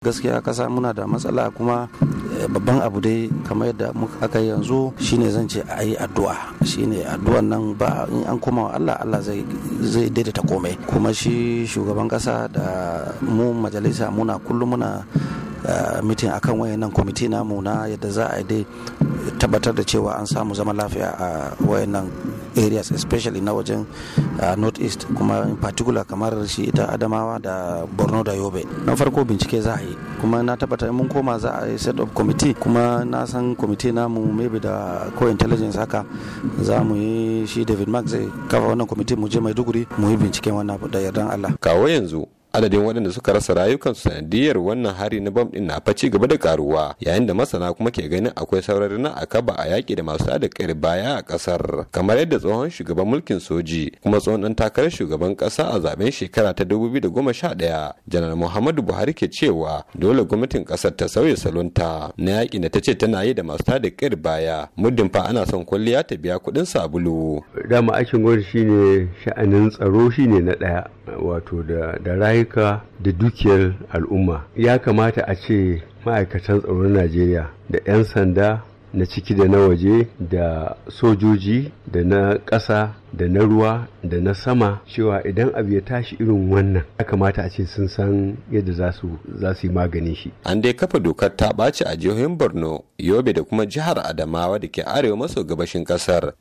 gaskiya kasa muna da matsala kuma eh, babban abu dai kamar yadda aka yi yanzu shine zan ce a yi addu'a shine addu'an nan ba in an koma wa Allah Allah zai daidaita komai kuma shi shugaban kasa da mu majalisa muna kullum muna eh, mitin akan wayannan kwamiti namu na yadda za a dai tabbatar da cewa an samu zama lafiya a wayannan areas especially na wajen uh, north east kuma in particular kamar shi ita adamawa da borno da yobe na farko bincike za a yi kuma na tabbata mun koma za a yi set up committee kuma na san committee namu maybe da ko intelligence haka za mu yi shi david mark zai kafa wannan committee mu je maiduguri mu yi binciken wannan da yardan allah kawo yanzu adadin waɗanda suka rasa rayukansu sanadiyar wannan hari na bom din na faci gaba da karuwa yayin da masana kuma ke ganin akwai saurari na akaba a yaƙi da masu da kai baya a ƙasar kamar yadda tsohon shugaban mulkin soji kuma tsohon ɗan takarar shugaban ƙasa a zaben shekara ta 2011 janar muhammadu buhari ke cewa dole gwamnatin ƙasar ta sauya salonta na yaƙi da ta ce tana yi da masu da kai baya muddin fa ana son kwalliya ta biya kuɗin sabulu dama aikin gwamnati shine sha'anin tsaro shine na ɗaya wato da rayu rayuka da dukiyar al'umma ya kamata a ce ma'aikatan tsaron najeriya da 'yan sanda na ciki da na waje da sojoji da na ƙasa da na ruwa da na sama cewa idan abu ya tashi irin wannan ya kamata a ce sun san yadda za su yi maganin shi. An dai kafa dokar ta ɓaci a jihohin Borno, Yobe da kuma jihar Adamawa da ke arewa maso gabashin ƙasar